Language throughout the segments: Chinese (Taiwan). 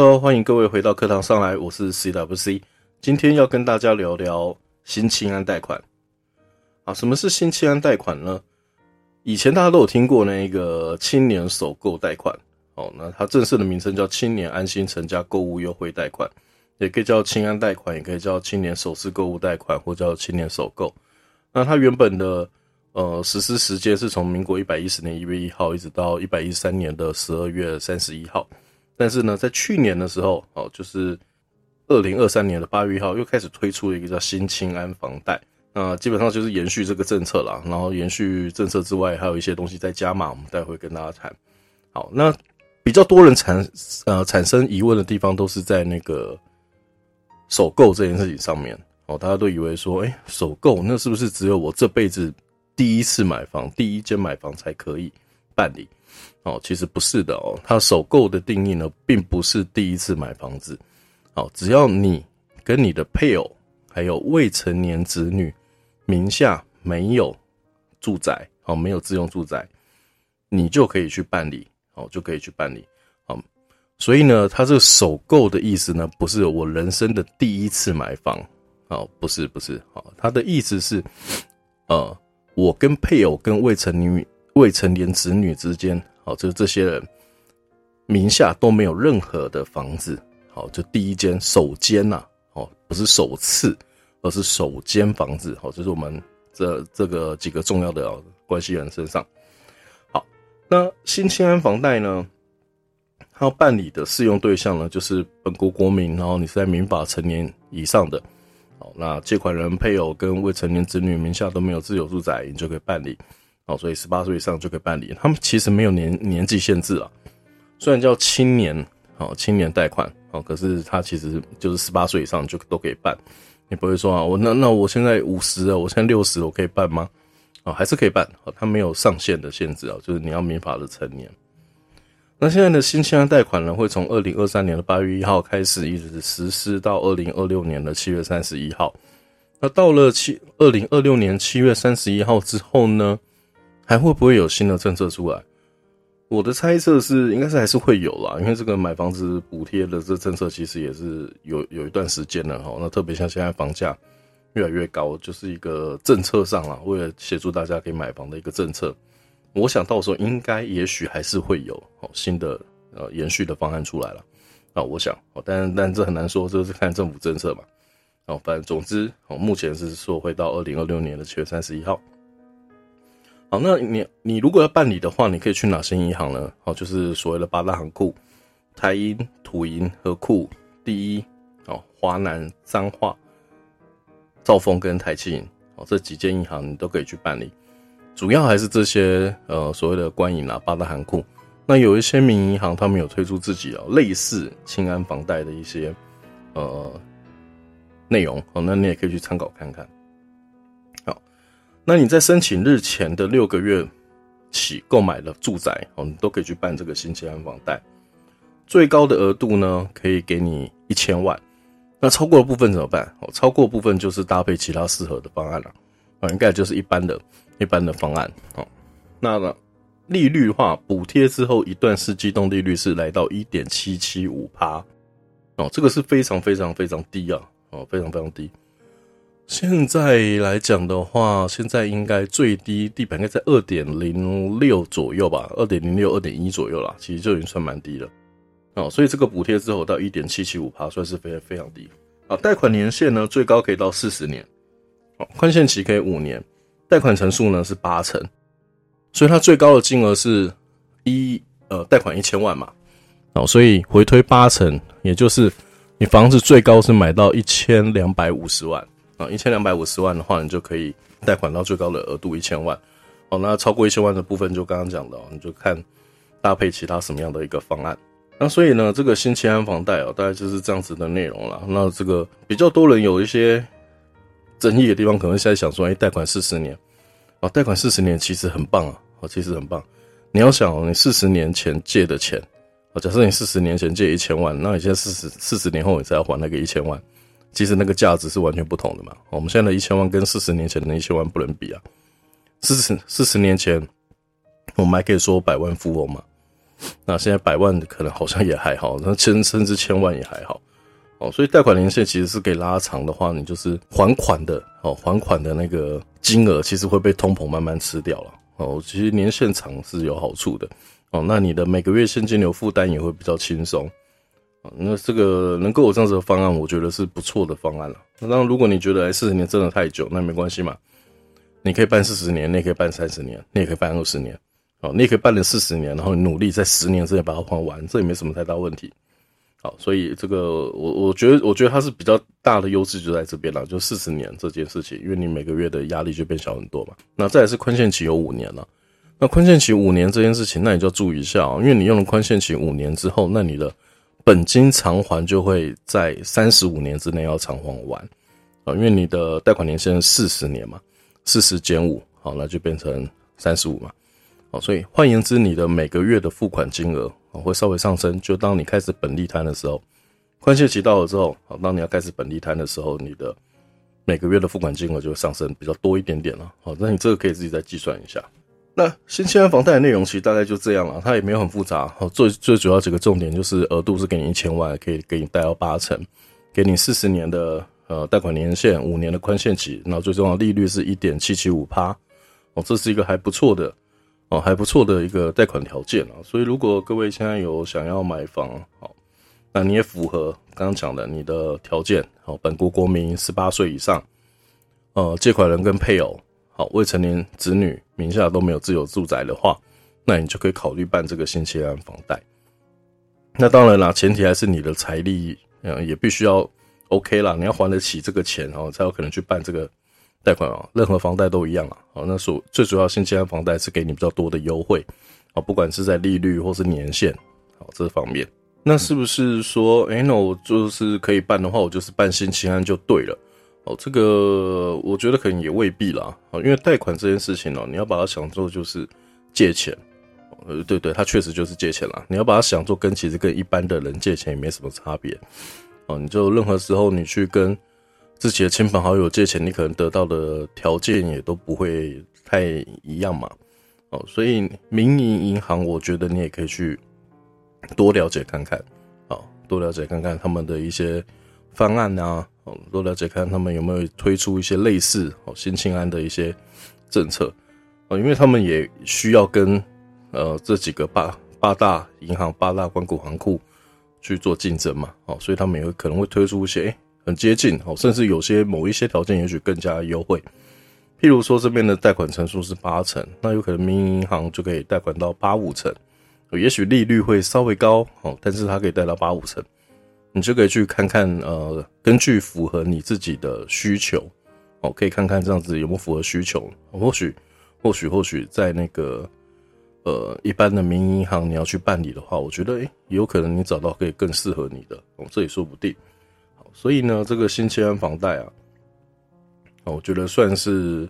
哈囉，歡迎各位回到課堂上來，我是 CWC，今天要跟大家聊聊新青安貸款。啊，什麼是新青安貸款呢？以前大家都有聽過那個青年首購貸款，哦，那它正式的名稱叫青年安心成家購屋優惠貸款，也可以叫青安貸款，也可以叫青年首次購屋貸款，或者叫青年首購。那它原本的呃實施時間是從民國一百一十年一月一號一直到一百一十三年的十二月三十一號。但是呢，在去年的時候，哦，就是二零二三年的八月一號，又開始推出了一個叫新青安房貸，啊，基本上就是延續這個政策啦。然後延續政策之外，還有一些東西在加碼，我們待會跟大家談。好，那比較多人產呃產生疑問的地方，都是在那個首購這件事情上面。哦，大家都以為說，哎，首購那是不是只有我這輩子第一次買房、第一間買房才可以辦理？哦，其實不是的哦，他首購的定義呢，並不是第一次買房子，哦，只要你跟你的配偶還有未成年子女名下沒有住宅，哦，沒有自用住宅，你就可以去辦理，哦，就可以去辦理，哦，所以呢，他這個首購的意思呢，不是我人生的第一次買房，哦，不是不是，哦，他的意思是，呃，我跟配偶跟未成年未成年子女之間。就就這些人名下都沒有任何的房子。好，就第一間首間吶、啊，哦，不是首次，而是首間房子。好，這、就是我們這這個幾個重要的、啊、關係人身上。好，那新青安房貸呢？它要辦理的適用對象呢，就是本國國民，然後你是在民法成年以上的。好，那借款人配偶跟未成年子女名下都沒有自有住宅，你就可以辦理。所以十八歲以上就可以辦理。他們其實沒有年年紀限制啊。雖然叫青年，好、哦、青年貸款，好、哦，可是他其實就是十八歲以上就都可以辦。你不會說啊，我那那我現在五十了，我現在六十，我可以辦嗎？啊、哦，還是可以辦、哦。他沒有上限的限制、啊、就是你要民法的成年。那現在的新青安貸款呢，會從二零二三年的八月一號開始，一、就、直、是、實施到二零二六年的七月三十一號。那到了七二零二六年七月三十一號之後呢？還會不會有新的政策出來？我的猜測是，應該是還是會有啦，因為這個買房子補貼的這政策其實也是有有一段時間了哈。那特別像現在房價越來越高，就是一個政策上啦，為了協助大家可以買房的一個政策。我想到時候應該也許還是會有哦新的呃延續的方案出來啦。那我想哦，但但這很難說，這是看政府政策嘛。哦，反正總之哦，目前是說會到二零二六年的七月三十一號。好，那你你如果要辦理的話，你可以去哪些銀行呢？好、哦，就是所謂的八大行庫，台銀、土銀，合庫第一，哦，華南、彰化、兆豐跟台企銀，哦，這幾間銀行你都可以去辦理。主要還是這些呃所謂的官銀啊，八大行庫。那有一些民營銀行，他們有推出自己啊、哦、類似青安房貸的一些呃內容，哦，那你也可以去參考看看。那你在申請日前的六個月起購買了住宅，哦，你都可以去辦這個新青安房貸，最高的額度呢，可以給你一千萬。那超過的部分怎麼辦？哦，超過的部分就是搭配其他適合的方案了，啊，應該就是一般的、一般的方案。哦，那利率的話，補貼之後一段式機動利率是來到一點七七五趴哦，這個是非常非常非常低啊，哦，非常非常低。現在來講的話，現在應該最低地板應該在二點零六左右吧，二點零六、二點一左右啦，其實就已經算蠻低了哦。所以這個補貼之後到一點七七五趴，算是非非常低啊。貸款年限呢，最高可以到四十年，哦，寬限期可以五年，貸款成數呢是八成，所以它最高的金額是一呃貸款一千萬嘛，哦，所以回推八成，也就是你房子最高是買到一千兩百五十萬。啊，一千兩百五十萬的話，你就可以貸款到最高的額度一千萬。好，那超過一千萬的部分，就剛剛講的，你就看搭配其他什麽樣的一個方案。那所以呢，這個新青安房貸啊，大概就是這樣子的內容了。那這個比較多人有一些爭議的地方，可能現在想說，哎，貸款四十年，啊，貸款四十年其實很棒啊，啊，其實很棒。你要想，你四十年前借的錢，啊，假設你四十年前借一千萬，那你現在四十四十年後你才要還那個一千萬。其實那個價值是完全不同的嘛。我們現在的一千萬跟四十年前的一千萬不能比啊。四十四十年前，我們還可以說百萬富翁嘛。那現在百萬可能好像也還好，那千甚至千萬也還好哦，所以貸款年限其實是可以拉長的話，你就是還款的哦，還款的那個金額其實會被通膨慢慢吃掉了哦。其實年限長是有好處的哦，那你的每個月現金流負擔也會比較輕鬆。那這個能夠有這樣子的方案，我覺得是不錯的方案了、啊。那當然，如果你覺得哎、四十年真的太久，那也沒關係嘛，你可以辦四十年，你也可以辦三十年，你也可以辦二十年，好，你也可以辦了四十年，然後你努力在十年之內把它還完，這也沒什麼太大問題。好，所以這個我我覺得，我覺得它是比較大的優勢就在這邊了，就四十年這件事情，因為你每個月的壓力就變小很多嘛。那再來是寬限期有五年了、啊，那寬限期五年這件事情，那你就要注意一下、啊，因為你用了寬限期五年之後，那你的。本金償還就會在三十五年之內要償還完，啊，因為你的貸款年限四十年嘛，四十減五，好，那就變成三十五嘛，好，所以換言之，你的每個月的付款金額啊會稍微上升。就當你開始本利攤的時候，寬限期到了之後，好，當你要開始本利攤的時候，你的每個月的付款金額就會上升比較多一點點了，好，那你這個可以自己再計算一下。那、啊、新青安房貸內容其實大概就這樣了，它也沒有很複雜。哦、最最主要幾個重點就是額度是給你一千萬，可以給你貸到八成，給你四十年的呃貸款年限，五年的寬限期。那最重要利率是一點七七五趴哦，這是一個還不錯的哦，還不錯的一個貸款條件啊、哦，所以如果各位現在有想要買房，哦、那你也符合剛剛講的你的條件，好、哦，本國國民十八歲以上，呃，借款人跟配偶，未成年子女名下都沒有自有住宅的話，那你就可以考慮辦這個新青安房貸。那當然啦，前提還是你的財力，嗯，也必須要 OK 啦。你要還得起這個錢哦，才有可能去辦這個貸款哦，任何房貸都一樣啊。好，那所最主要新青安房貸是給你比較多的優惠啊，不管是在利率或是年限，好，這方面。那是不是說，哎、欸，那我就是可以辦的話，我就是辦新青安就對了？哦，這個我覺得可能也未必啦。啊，因為貸款這件事情哦，你要把它想做就是借錢，呃，對對，它確實就是借錢啦。你要把它想做跟其實跟一般的人借錢也沒什麼差別。哦，你就任何時候你去跟自己的親朋好友借錢，你可能得到的條件也都不會太一樣嘛。哦，所以民營銀行，我覺得你也可以去多了解看看，啊，多了解看看他們的一些。方案啊，哦，多了解看他們有沒有推出一些類似哦新青安的一些政策啊，因為他們也需要跟呃這幾個八八大銀行八大公股行庫去做競爭嘛，哦，所以他們也可能會推出一些哎、欸、很接近哦，甚至有些某一些條件也許更加優惠。譬如說這邊的貸款成數是八成，那有可能民營銀行就可以貸款到八五成，也許利率會稍微高哦，但是他可以貸到八五成。你就可以去看看，呃，根據符合你自己的需求，哦，可以看看這樣子有沒有符合需求。或許，或許，或許在那個，呃，一般的民營銀行你要去辦理的話，我覺得，誒，欸，有可能你找到可以更適合你的，哦，這也說不定。好，所以呢，這個新青安房貸啊，哦，我覺得算是，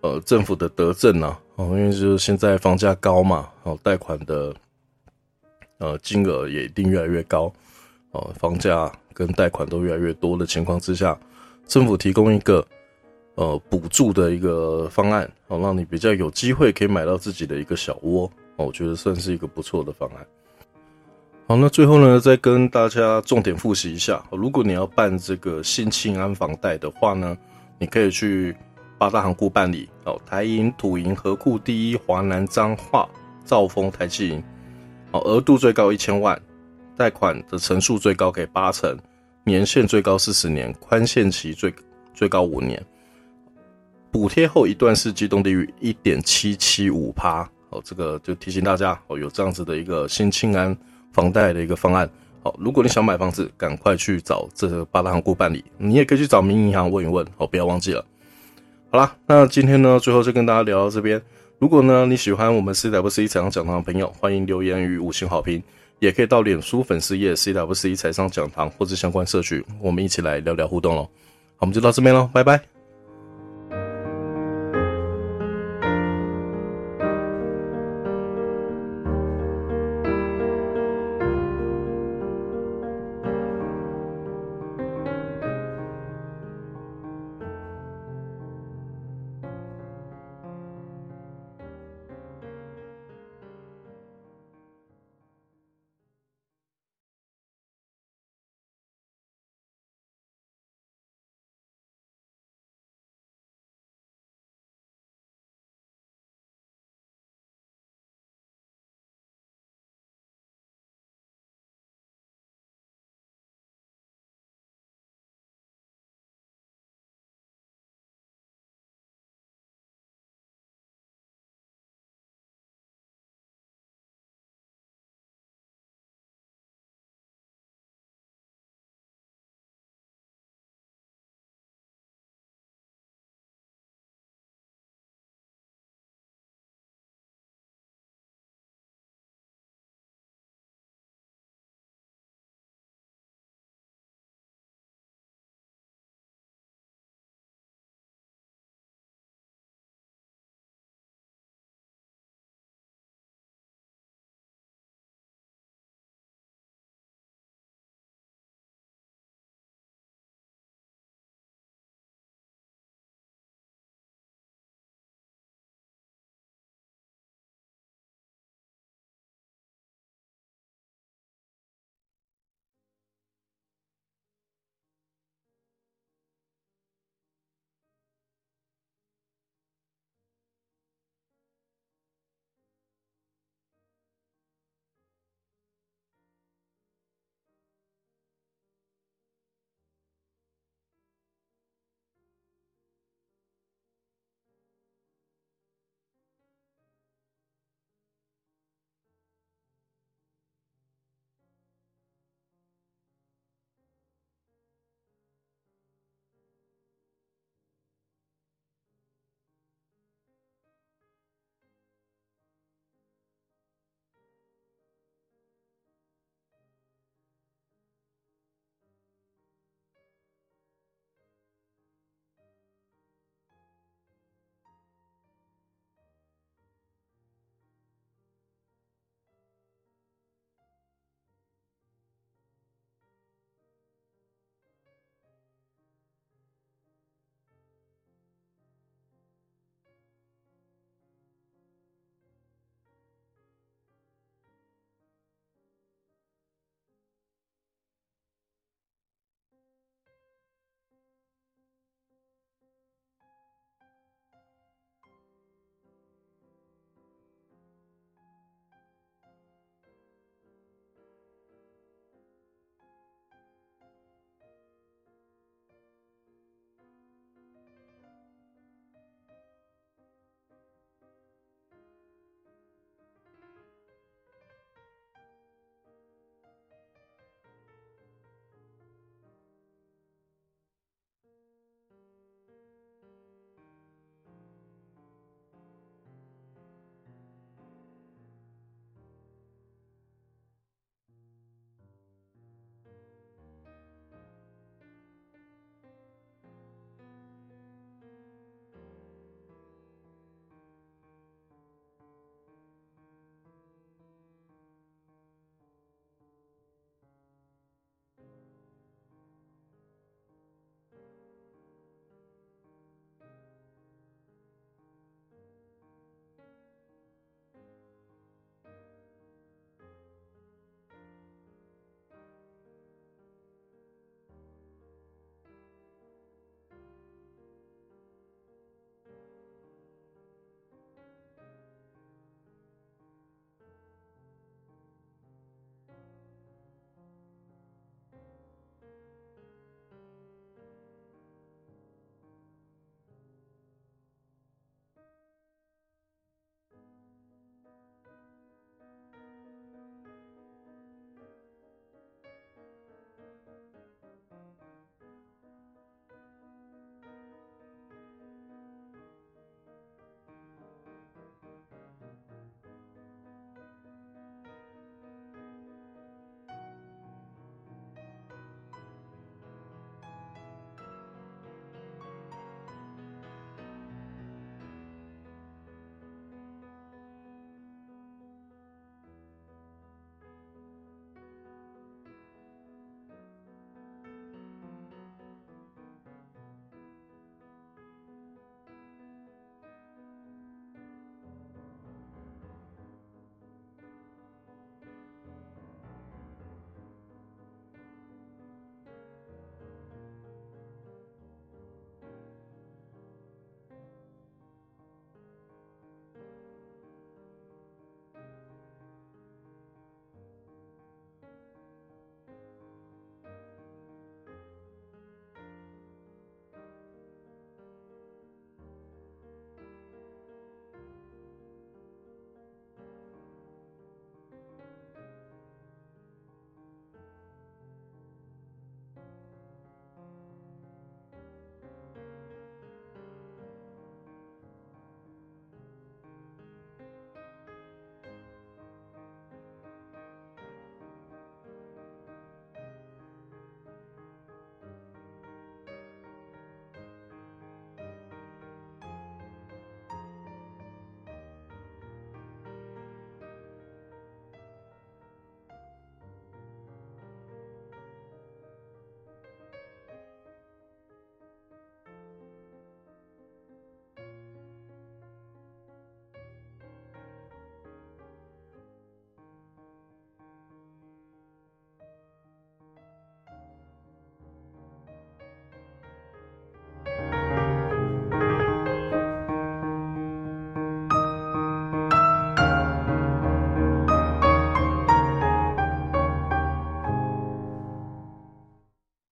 呃，政府的德政吶，啊，哦，因為就是現在房價高嘛，哦，貸款的，呃，金額也一定越來越高。呃，房價跟貸款都越來越多的情況之下，政府提供一個呃補助的一個方案好，哦，讓你比較有機會可以買到自己的一個小窩，哦，我覺得算是一個不錯的方案。好，那最後呢，再跟大家重點複習一下，如果你要辦這個新青安房貸的話呢，你可以去八大行庫辦理哦，台銀、土銀、合庫、第一、華南、彰化、兆豐、台企銀，額度最高一千萬。貸款的成數最高給八成，年限最高四十年，寬限期最最高五年，補貼後一段式機動利率一點七七五趴。哦，這個就提醒大家哦，有這樣子的一個新青安房貸的一個方案。好，如果你想買房子，趕快去找這個八大行庫辦理。你也可以去找民營銀行問一問。哦，不要忘記了。好啦，那今天呢，最後就跟大家聊到這邊。如果呢你喜歡我們 CWC 財商講堂的朋友，歡迎留言與五星好評。也可以到臉書粉絲頁、CWC 財商講堂或者相關社群，我們一起來聊聊互動哦。好，我們就到這邊嘍，拜拜。